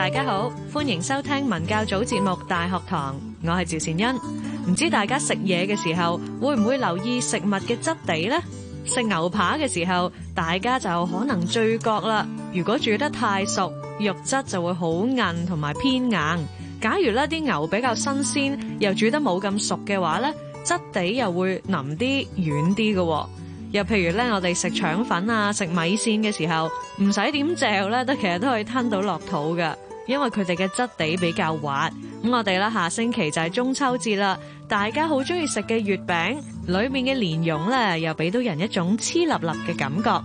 大家好，歡迎收聽文教組節目《大學堂》，我係趙善恩。唔知大家食嘢嘅時候會唔會留意食物嘅質地呢？食牛扒嘅時候，大家就可能咀嚼啦。如果煮得太熟，肉質就會好韌同埋偏硬。假如呢啲牛比較新鮮，又煮得冇咁熟嘅話呢，質地又會腍啲軟啲嘅喎。又譬如咧，我哋食腸粉啊，食米線嘅時候，唔使點嚼咧，都其實都可以吞到落肚噶。因為佢哋嘅質地比較滑，咁我哋啦，下星期就係中秋節啦，大家好中意食嘅月餅，裏面嘅蓮蓉咧又俾到人一種黐粒粒嘅感覺。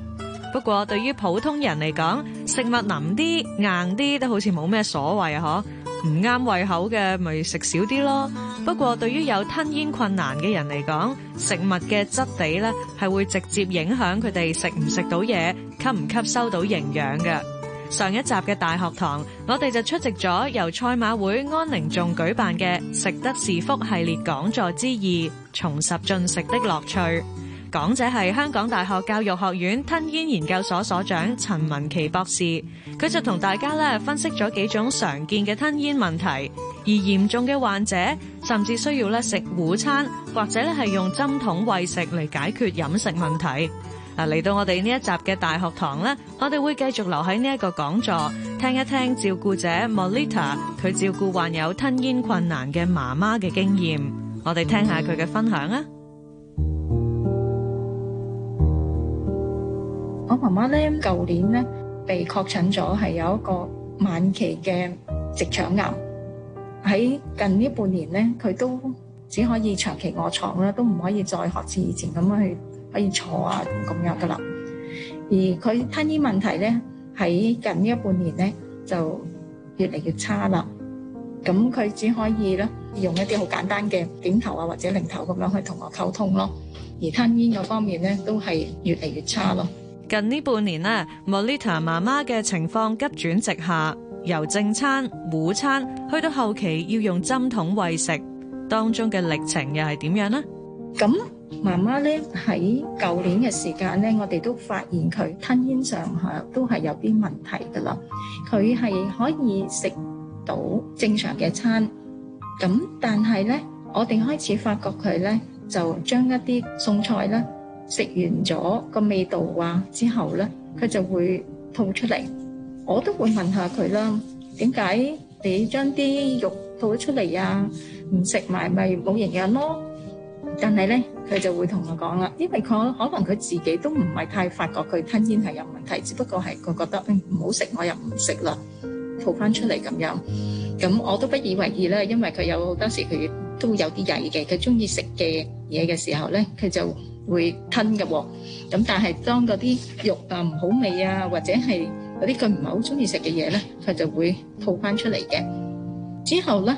不過對於普通人嚟講，食物腍啲、硬啲都好似冇咩所謂嗬，唔啱胃口嘅，咪食少啲咯。不過對於有吞咽困難嘅人嚟講，食物嘅質地咧係會直接影響佢哋食唔食到嘢，吸唔吸收到營養嘅。上一集嘅大學堂，我哋就出席咗由賽馬會安寧頌舉辦嘅食得是福系列講座之二——重拾進食的樂趣。講者係香港大學教育學院吞嚥研究所所長陳文琪博士，佢就同大家咧分析咗幾種常見嘅吞嚥問題，而嚴重嘅患者甚至需要咧食午餐或者咧係用針筒餵食嚟，解決飲食問題。嗱，嚟到我哋呢一集嘅大學堂咧，我哋會繼續留喺呢一個講座，聽一聽照顧者莫莉塔佢照顧患有吞咽困難嘅媽媽嘅經驗。我哋聽下佢嘅分享啊！我媽媽咧，舊年咧被確診咗係有一個晚期嘅直腸癌。喺近呢半年咧，佢都只可以長期臥床啦，都唔可以再學似以前咁樣去。可以坐啊咁樣噶啦。而佢吞咽問題咧喺近呢一半年咧就越嚟越差啦。咁佢只可以咧用一啲好簡單嘅點頭啊或者擰頭咁樣去同我溝通咯。而吞咽嗰方面咧都係越嚟越差咯。近呢半年咧，Melita 媽媽嘅情況急轉直下，由正餐、午餐去到後期要用針筒餵食，當中嘅歷程又係點樣咧？咁媽媽咧喺舊年嘅時間咧，我哋都發現佢吞嚥上下都係有啲問題㗎啦。佢係可以食到正常嘅餐，咁但係咧，我哋開始發覺佢咧就將一啲餸菜咧食完咗個味道啊之後咧，佢就會吐出嚟。我都會問下佢啦，點解你將啲肉吐咗出嚟啊？唔食埋咪冇營養咯？但係咧，佢就會同我講啦，因為佢可能佢自己都唔係太發覺佢吞煙係有問題，只不過係佢覺得哎，唔好食，我又唔食啦，吐翻出嚟咁樣。咁我都不以為意啦，因為佢有好多時佢都有啲曳嘅，佢中意食嘅嘢嘅時候咧，佢就會吞嘅喎。咁但係當嗰啲肉啊唔好味啊，或者係嗰啲佢唔係好中意食嘅嘢咧，佢就會吐翻出嚟嘅。之後咧，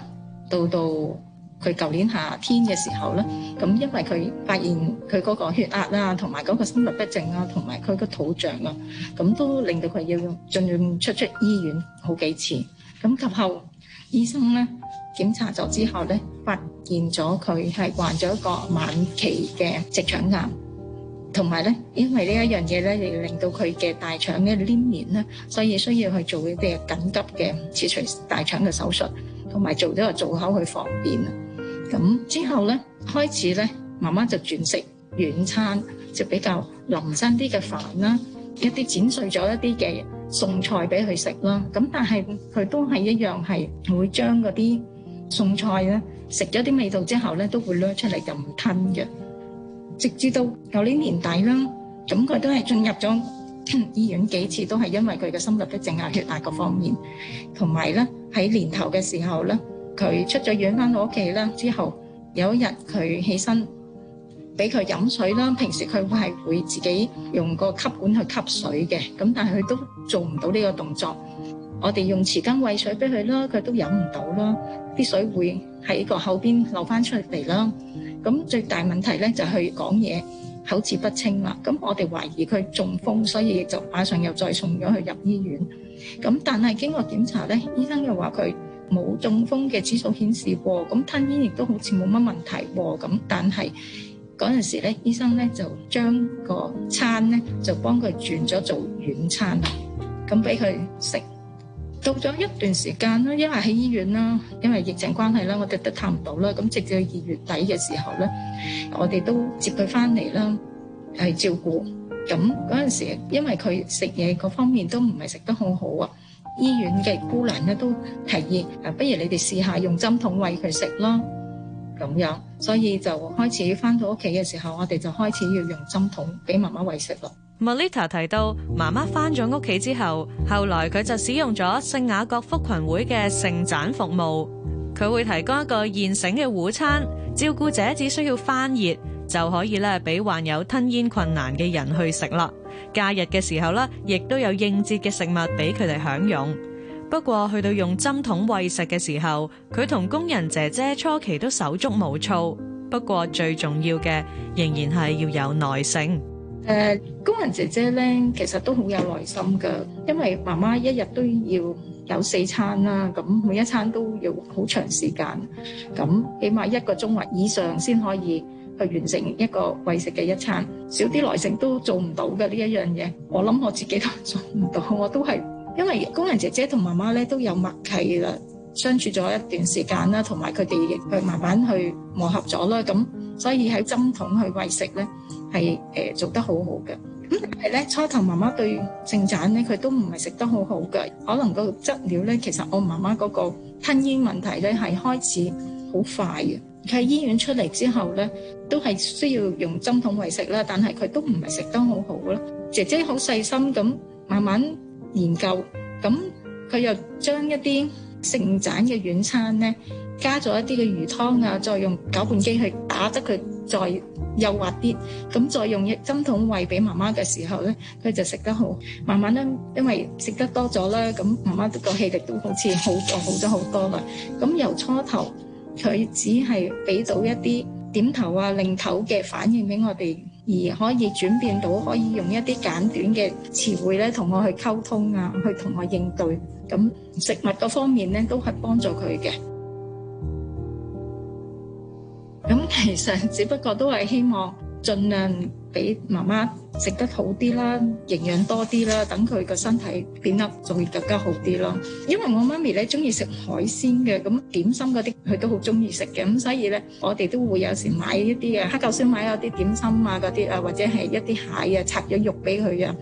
到到。佢舊年夏天嘅時候咧，咁因為佢發現佢嗰個血壓啦、啊，同埋嗰個心律不正啊，同埋佢個肚脹啊，咁都令到佢要用盡量出出醫院好幾次。咁及後醫生咧檢查咗之後咧，發現咗佢係患咗一個晚期嘅直腸癌，同埋咧因為一呢一樣嘢咧，亦令到佢嘅大腸嘅黏連咧，所以需要去做一啲緊急嘅切除大腸嘅手術，同埋做咗個造口去防便。咁之後咧，開始咧，媽媽就轉食軟餐，就比較臨身啲嘅飯啦，一啲剪碎咗一啲嘅餸菜俾佢食啦。咁但係佢都係一樣係會將嗰啲餸菜咧食咗啲味道之後咧，都會攞出嚟就唔吞嘅。直至到舊年年底啦，咁佢都係進入咗醫院幾次，都係因為佢嘅心律不正啊、血壓各方面，同埋咧喺年頭嘅時候咧。佢出咗院翻到屋企咧之後，有一日佢起身，俾佢飲水啦。平時佢會係會自己用個吸管去吸水嘅，咁但係佢都做唔到呢個動作。我哋用匙羹餵水俾佢啦，佢都飲唔到啦，啲水會喺個口邊流翻出嚟啦。咁最大問題咧就係講嘢口齒不清啦。咁我哋懷疑佢中風，所以就馬上又再送咗去入醫院。咁但係經過檢查咧，醫生又話佢。冇中風嘅指數顯示喎，咁吞嚥亦都好似冇乜問題喎，咁但係嗰陣時咧，醫生咧就將個餐咧就幫佢轉咗做軟餐啦，咁俾佢食。到咗一段時間啦，因為喺醫院啦，因為疫情關係啦，我哋都探唔到啦，咁直至到二月底嘅時候咧，我哋都接佢翻嚟啦，係照顧。咁嗰陣時，因為佢食嘢嗰方面都唔係食得好好啊。醫院嘅姑娘咧都提議，誒，不如你哋試下用針筒餵佢食啦，咁樣，所以就開始翻到屋企嘅時候，我哋就開始要用針筒俾媽媽餵食咯。Melita 提到，媽媽翻咗屋企之後，後來佢就使用咗聖雅各福群會嘅盛盞服務，佢會提供一個現成嘅午餐，照顧者只需要翻熱就可以咧，俾患有吞嚥困難嘅人去食啦。假日嘅時候啦，亦都有應節嘅食物俾佢哋享用。不過去到用針筒餵食嘅時候，佢同工人姐姐初期都手足無措。不過最重要嘅，仍然係要有耐性。誒，工人姐姐咧，其實都好有耐心噶，因為媽媽一日都要有四餐啦，咁每一餐都要好長時間，咁起碼一個鐘或以上先可以。去完成一個餵食嘅一餐，少啲耐性都做唔到嘅呢一樣嘢。我諗我自己都做唔到，我都係因為工人姐姐同媽媽咧都有默契啦，相處咗一段時間啦，同埋佢哋亦去慢慢去磨合咗啦，咁所以喺針筒去餵食咧，係誒做得好好嘅。咁但係咧，初頭媽媽對正餐咧，佢都唔係食得好好嘅，可能個質料咧，其實我媽媽嗰個吞咽問題咧係開始好快嘅。佢喺醫院出嚟之後咧，都係需要用針筒餵食啦，但係佢都唔係食得好好咯。姐姐好細心咁慢慢研究，咁佢又將一啲剩攢嘅軟餐咧，加咗一啲嘅魚湯啊，再用攪拌機去打，得佢再幼滑啲，咁再用針筒餵俾媽媽嘅時候咧，佢就食得好。慢慢咧，因為食得多咗啦，咁媽媽個氣力都好似好咗，好咗好多啦。咁由初頭。佢只係俾到一啲點頭啊、擰頭嘅反應俾我哋，而可以轉變到可以用一啲簡短嘅詞彙咧，同我去溝通啊，去同我應對。咁食物嗰方面咧，都係幫助佢嘅。咁其實只不過都係希望盡量。俾媽媽食得好啲啦，營養多啲啦，等佢個身體變得仲會更加好啲咯。因為我媽咪咧，中意食海鮮嘅，咁點心嗰啲佢都好中意食嘅，咁所以咧，我哋都會有時買一啲嘅黑狗先買啊、啲點心啊嗰啲啊，或者係一啲蟹啊，拆咗肉俾佢啊，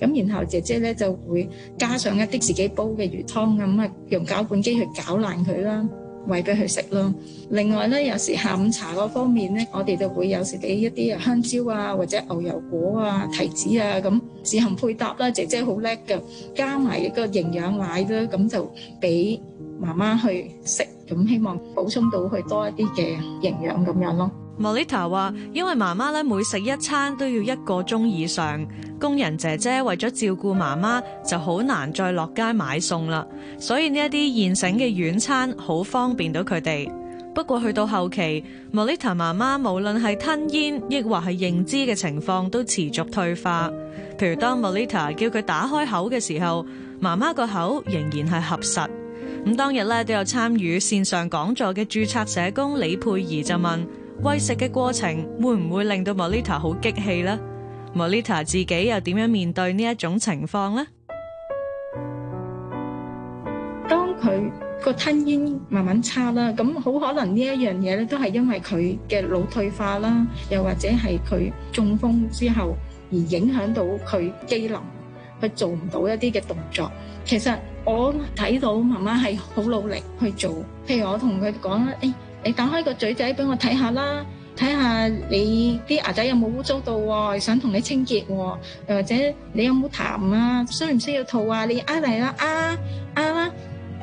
咁然後姐姐咧就會加上一啲自己煲嘅魚湯咁啊，用攪拌機去攪爛佢啦。餵俾佢食咯，另外呢，有時下午茶嗰方面呢，我哋就會有時俾一啲香蕉啊，或者牛油果啊、提子啊咁自行配搭啦。姐姐好叻嘅，加埋一個營養奶咧，咁就俾媽媽去食，咁希望補充到佢多一啲嘅營養咁樣咯。莫麗塔話，因為媽媽咧每食一餐都要一個鐘以上，工人姐姐為咗照顧媽媽就好難再落街買餸啦。所以呢一啲現成嘅軟餐好方便到佢哋。不過去到後期，莫麗塔媽媽無論係吞嚥，抑或係認知嘅情況都持續退化。譬如當莫麗塔叫佢打開口嘅時候，媽媽個口仍然係合實。咁當日咧都有參與線上講座嘅注冊社工李佩儀就問：餵食嘅過程會唔會令到莫莉塔好激氣呢？莫莉塔自己又點樣面對呢一種情況呢？當佢個吞咽慢慢差啦，咁好可能呢一樣嘢咧都係因為佢嘅腦退化啦，又或者係佢中風之後而影響到佢機能，佢做唔到一啲嘅動作。其實我睇到媽媽係好努力去做，譬如我同佢講啦，誒。你打開個嘴仔俾我睇下啦，睇下你啲牙仔有冇污糟到喎？想同你清潔喎，又或者你有冇痰啊？需唔需要吐啊？你啊嚟啦啊啊，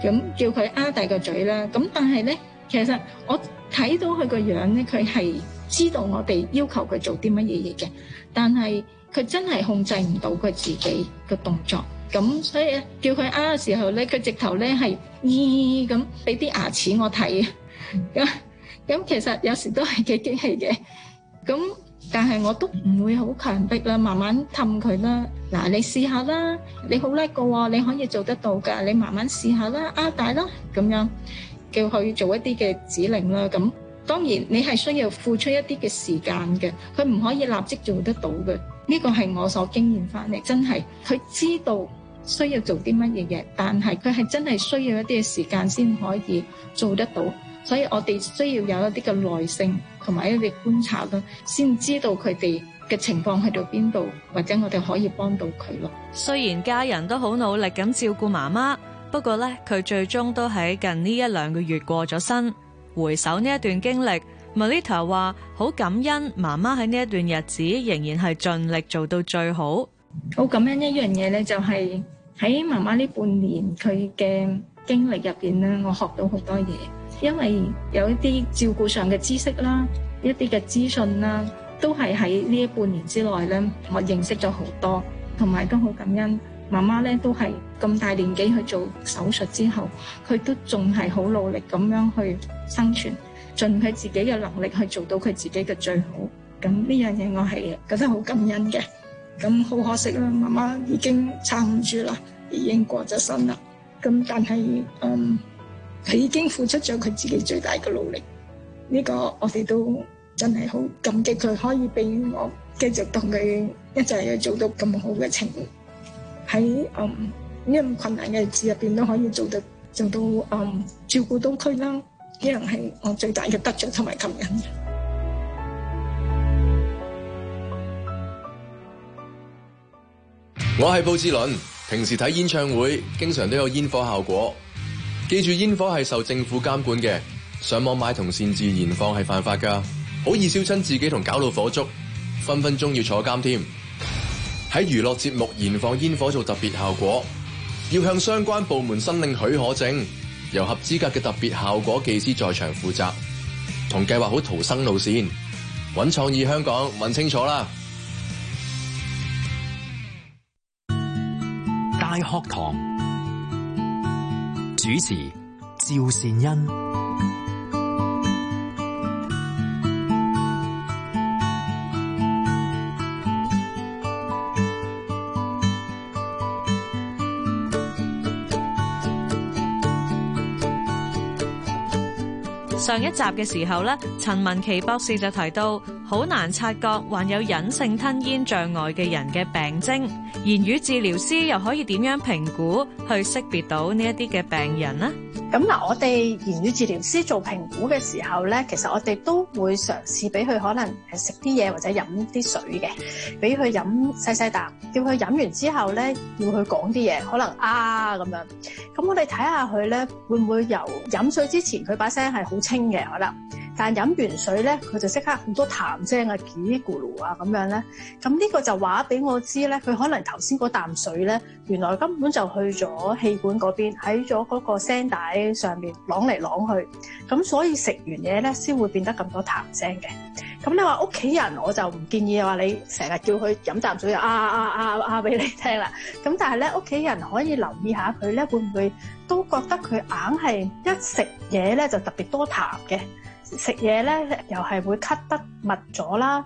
咁叫佢啊大個嘴啦。咁但係呢，其實我睇到佢個樣呢，佢係知道我哋要求佢做啲乜嘢嘢嘅，但係佢真係控制唔到佢自己個動作咁，所以叫佢啊嘅時候呢，佢直頭呢係咿咁俾啲牙齒我睇。咁咁，其實有時都係幾激氣嘅。咁但係我都唔會好強迫啦，慢慢氹佢啦。嗱，你試下啦，你好叻噶，你可以做得到噶。你慢慢試下啦，壓大啦，咁樣叫佢做一啲嘅指令啦。咁當然你係需要付出一啲嘅時間嘅，佢唔可以立即做得到嘅。呢個係我所經驗翻嚟，真係佢知道需要做啲乜嘢嘢，但係佢係真係需要一啲嘅時間先可以做得到。所以我哋需要有一啲嘅耐性，同埋一啲觀察咯，先知道佢哋嘅情況去到邊度，或者我哋可以幫到佢咯。雖然家人都好努力咁照顧媽媽，不過咧佢最終都喺近呢一兩個月過咗身。回首呢一段經歷，Melita 話：「好感恩媽媽喺呢一段日子仍然係盡力做到最好。」好感恩一樣嘢咧，就係喺媽媽呢半年佢嘅經歷入邊咧，我學到好多嘢。因為有一啲照顧上嘅知識啦，一啲嘅資訊啦，都係喺呢半年之內咧，我認識咗好多，同埋都好感恩。媽媽咧，都係咁大年紀去做手術之後，佢都仲係好努力咁樣去生存，盡佢自己嘅能力去做到佢自己嘅最好。咁呢樣嘢我係覺得好感恩嘅。咁好可惜啦，媽媽已經撐唔住啦，已經過咗身啦。咁但係嗯。佢已經付出咗佢自己最大嘅努力，呢、這個我哋都真係好感激佢，可以俾我繼續同佢一齊去做到咁好嘅情。喺嗯呢咁困難嘅日子入邊都可以做到做、嗯、到嗯照顧到佢啦，呢樣係我最大嘅得著同埋感恩嘅。我係布志倫，平時睇演唱會經常都有煙火效果。記住，煙火係受政府監管嘅，上網買同擅自燃放係犯法噶，好易燒親自己同搞到火燭，分分鐘要坐監添。喺娛樂節目燃放煙火做特別效果，要向相關部門申領許可證，由合資格嘅特別效果技師在場負責，同計劃好逃生路線，搵創意香港，問清楚啦。大學堂。主持：趙善恩。上一集嘅時候咧，陳文琪博士就提到，好難察覺患有隱性吞嚥障礙嘅人嘅病徵，言語治療師又可以點樣評估去識別到呢一啲嘅病人呢？咁嗱，我哋言語治療師做評估嘅時候咧，其實我哋都會嘗試俾佢可能係食啲嘢或者飲啲水嘅，俾佢飲細細啖，叫佢飲完之後咧，要佢講啲嘢，可能啊咁樣。咁我哋睇下佢咧，會唔會由飲水之前佢把聲係好清嘅，可能。但飲完水咧，佢就即刻好多痰聲啊、唧咕嚕啊咁樣咧。咁呢個就話俾我知咧，佢可能頭先嗰啖水咧，原來根本就去咗氣管嗰邊，喺咗嗰個聲帶上面啷嚟啷去。咁所以食完嘢咧，先會變得咁多痰聲嘅。咁你話屋企人，我就唔建議話你成日叫佢飲啖水啊啊啊啊俾你聽啦。咁但係咧，屋企人可以留意下佢咧，會唔會都覺得佢硬係一食嘢咧就特別多痰嘅？食嘢咧，又係會咳得密咗啦。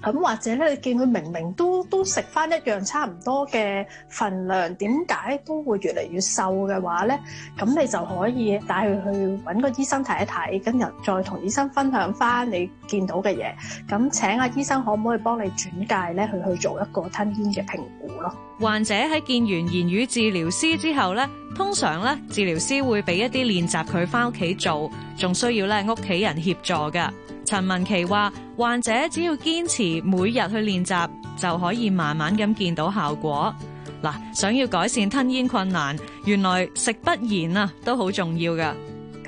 咁或者咧，你見佢明明都都食返一樣差唔多嘅份量，點解都會越嚟越瘦嘅話咧？咁你就可以帶佢去搵個醫生睇一睇，跟住再同醫生分享返你見到嘅嘢，咁請阿醫生可唔可以幫你轉介咧？佢去做一個吞嚥嘅評估咯。患者喺見完言語治療師之後咧，通常咧治療師會俾一啲練習佢返屋企做，仲需要咧屋企人協助㗎。陳文琪話：患者只要堅持每日去練習，就可以慢慢咁見到效果。嗱，想要改善吞嚥困難，原來食不言啊都好重要㗎。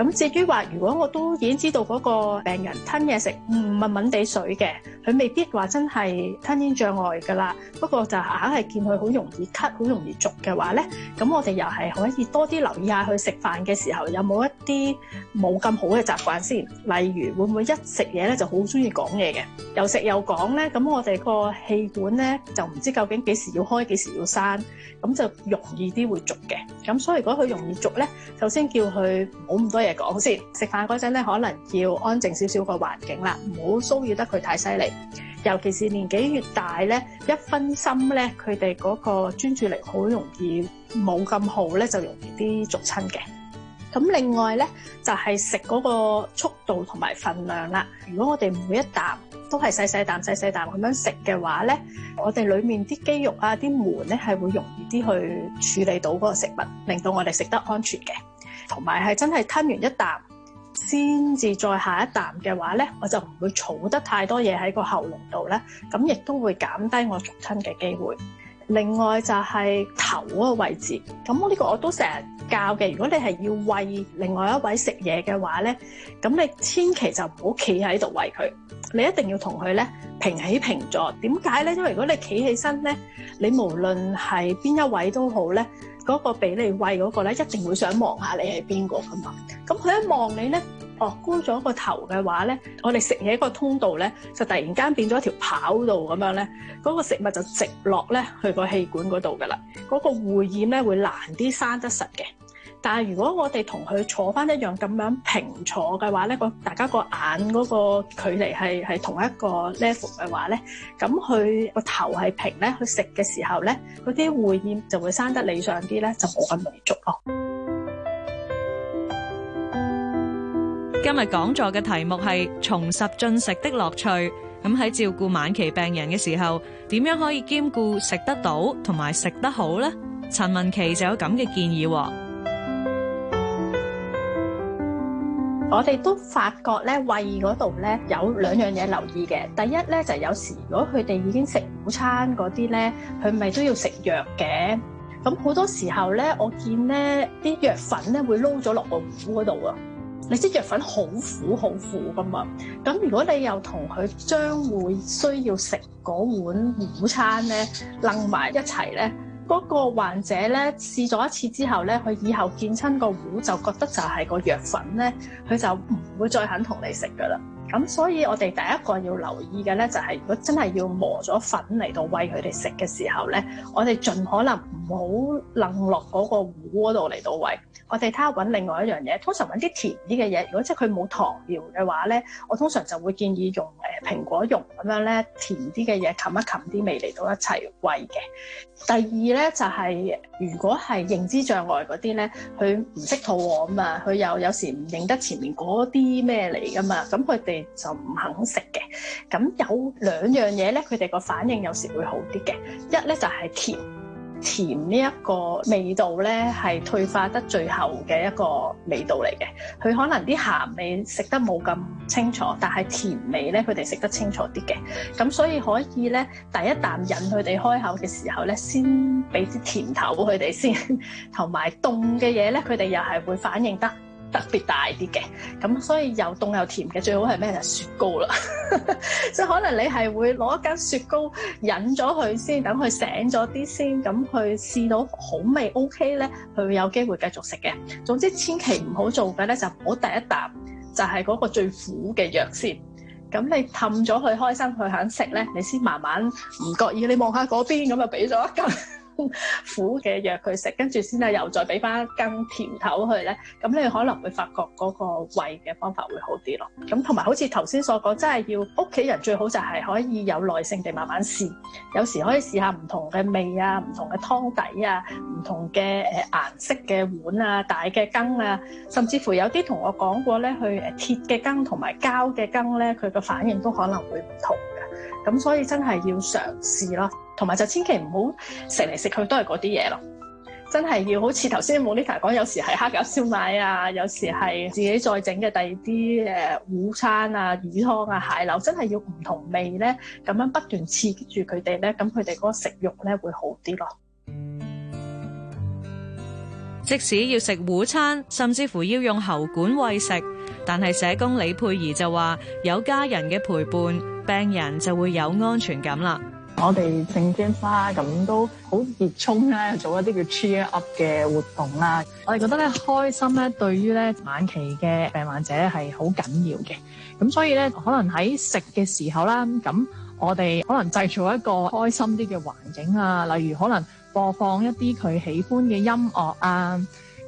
咁至於話，如果我都已經知道嗰個病人吞嘢食，唔文文地水嘅，佢未必話真係吞嚥障礙㗎啦。不過就硬係見佢好容易咳，好容易濁嘅話咧，咁我哋又係可以多啲留意下佢食飯嘅時候有冇一啲冇咁好嘅習慣先。例如會唔會一食嘢咧就好鍾意講嘢嘅，又食又講咧，咁我哋個氣管咧就唔知究竟幾時要開幾時要閂，咁就容易啲會濁嘅。咁所以如果佢容易濁咧，首先叫佢冇咁多嘢講先，食飯嗰陣咧，可能要安靜少少個環境啦，唔好騷擾得佢太犀利。尤其是年紀越大咧，一分心咧，佢哋嗰個專注力好容易冇咁好咧，就容易啲俗親嘅。咁另外咧，就係食嗰個速度同埋份量啦。如果我哋每一啖都係細細啖細細啖咁樣食嘅話咧，我哋裏面啲肌肉啊、啲門咧，係會容易啲去處理到嗰個食物，令到我哋食得安全嘅。同埋係真係吞完一啖先至再下一啖嘅話咧，我就唔會儲得太多嘢喺個喉嚨度咧，咁亦都會減低我灼親嘅機會。另外就係頭嗰個位置，咁我呢個我都成日教嘅。如果你係要餵另外一位食嘢嘅話咧，咁你千祈就唔好企喺度餵佢，你一定要同佢咧，平起平坐。點解咧？因為如果你企起身咧，你無論係邊一位都好咧。嗰個俾你餵嗰個咧，一定會想望下你係邊個噶嘛？咁佢一望你咧，哦，高咗個頭嘅話咧，我哋食嘢個通道咧，就突然間變咗一條跑道咁樣咧，嗰、嗰個食物就直落咧去個氣管嗰度噶啦，嗰、嗰個會厭咧會難啲生得實嘅。但係，如果我哋同佢坐翻一樣咁樣平坐嘅話咧，個大家個眼嗰個距離係係同一個 level 嘅話咧，咁佢個頭係平咧，去食嘅時候咧，嗰啲會厭就會生得理想啲咧，就冇咁滿足咯。今日講座嘅題目係重拾進食的樂趣。咁喺照顧晚期病人嘅時候，點樣可以兼顧食得到同埋食得好咧？陳文琪就有咁嘅建議喎。我哋都發覺咧，胃嗰度咧，有兩樣嘢留意嘅。第一咧就係有時，如果佢哋已經食午餐嗰啲咧，佢咪都要食藥嘅。咁好多時候咧，我見咧啲藥粉咧會撈咗落個碗嗰度啊。你知藥粉好苦好苦噶嘛？咁如果你又同佢將會需要食嗰碗午餐咧，撈埋一齊咧。嗰個患者咧試咗一次之後咧，佢以後見親個糊就覺得就係個藥粉咧，佢就唔會再肯同你食噶啦。咁所以我哋第一個要留意嘅咧，就係如果真係要磨咗粉嚟到餵佢哋食嘅時候咧，我哋盡可能唔好冧落嗰個糊嗰度嚟到餵。我哋睇下揾另外一樣嘢，通常揾啲甜啲嘅嘢。如果即係佢冇糖尿嘅話咧，我通常就會建議用。蘋果蓉咁樣咧，甜啲嘅嘢冚一冚啲味嚟到一齊餵嘅。第二咧就係、是，如果係認知障礙嗰啲咧，佢唔識肚餓嘛，佢又有，有時唔認得前面嗰啲咩嚟噶嘛，咁佢哋就唔肯食嘅。咁有兩樣嘢咧，佢哋個反應有時會好啲嘅。一咧就係、是、甜。甜呢一個味道咧，係退化得最後嘅一個味道嚟嘅。佢可能啲鹹味食得冇咁清楚，但係甜味咧，佢哋食得清楚啲嘅。咁所以可以咧，第一啖引佢哋開口嘅時候咧，先俾啲甜頭佢哋先，同埋凍嘅嘢咧，佢哋又係會反應得。特別大啲嘅，咁所以又凍又甜嘅，最好係咩就係雪糕啦。即係可能你係會攞一間雪糕引咗佢先，等佢醒咗啲先，咁佢試到好味 OK 咧，佢有機會繼續食嘅。總之千祈唔好做嘅咧，就唔好第一啖就係嗰個最苦嘅藥先。咁你氹咗佢開心，佢肯食咧，你先慢慢唔覺意，你望下嗰邊，咁就俾咗一羹。苦嘅藥佢食，跟住先係又再俾翻羹甜頭佢咧，咁你可能會發覺嗰個餵嘅方法會好啲咯。咁同埋好似頭先所講，真係要屋企人最好就係可以有耐性地慢慢試，有時可以試下唔同嘅味啊、唔同嘅湯底啊、唔同嘅誒顏色嘅碗啊、大嘅羹啊，甚至乎有啲同我講過咧，去鐵嘅羹同埋膠嘅羹咧，佢嘅反應都可能會唔同。咁所以真係要嘗試咯，同埋就千祈唔好食嚟食去都係嗰啲嘢咯。真係要好似頭先 Monica 講，有時係蝦餃燒賣啊，有時係自己再整嘅第二啲誒午餐啊、魚湯啊、蟹柳，真係要唔同味咧，咁樣不斷刺激住佢哋咧，咁佢哋嗰個食欲咧會好啲咯。即使要食午餐，甚至乎要用喉管餵食，但係社工李佩儀就話有家人嘅陪伴。病人就會有安全感啦。我哋聖天花咁都好熱衷咧，做一啲叫 cheer up 嘅活動啦。我哋覺得咧，開心咧，對於咧晚期嘅病患者咧係好緊要嘅。咁所以咧，可能喺食嘅時候啦，咁我哋可能製造一個開心啲嘅環境啊。例如可能播放一啲佢喜歡嘅音樂啊。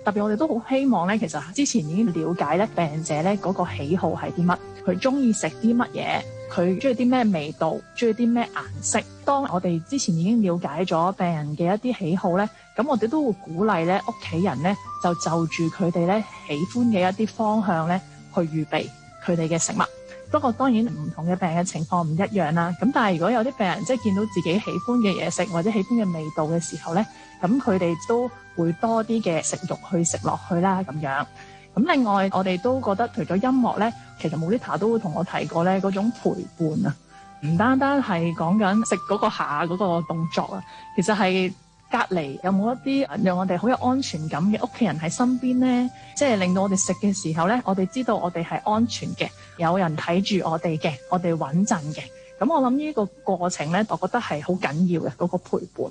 特別我哋都好希望咧，其實之前已經了解咧病者咧嗰個喜好係啲乜，佢中意食啲乜嘢。佢中意啲咩味道，中意啲咩顏色。當我哋之前已經了解咗病人嘅一啲喜好咧，咁我哋都會鼓勵咧屋企人咧就就住佢哋咧喜歡嘅一啲方向咧去預備佢哋嘅食物。不過當然唔同嘅病人嘅情況唔一樣啦。咁但係如果有啲病人即係見到自己喜歡嘅嘢食或者喜歡嘅味道嘅時候咧，咁佢哋都會多啲嘅食慾去食落去啦，咁樣。咁另外，我哋都覺得除咗音樂咧，其實 Molita 都會同我提過咧嗰種陪伴啊，唔單單係講緊食嗰個下嗰個動作啊，其實係隔離有冇一啲讓我哋好有安全感嘅屋企人喺身邊咧，即係令到我哋食嘅時候咧，我哋知道我哋係安全嘅，有人睇住我哋嘅，我哋穩陣嘅。咁我諗呢個過程咧，我覺得係好緊要嘅嗰個陪伴。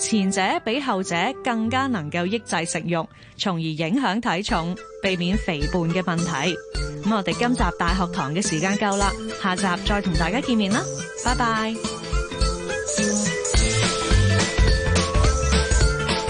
前者比後者更加能夠抑制食欲，從而影響體重，避免肥胖嘅問題。咁我哋今集大學堂嘅時間夠啦，下集再同大家見面啦，拜拜。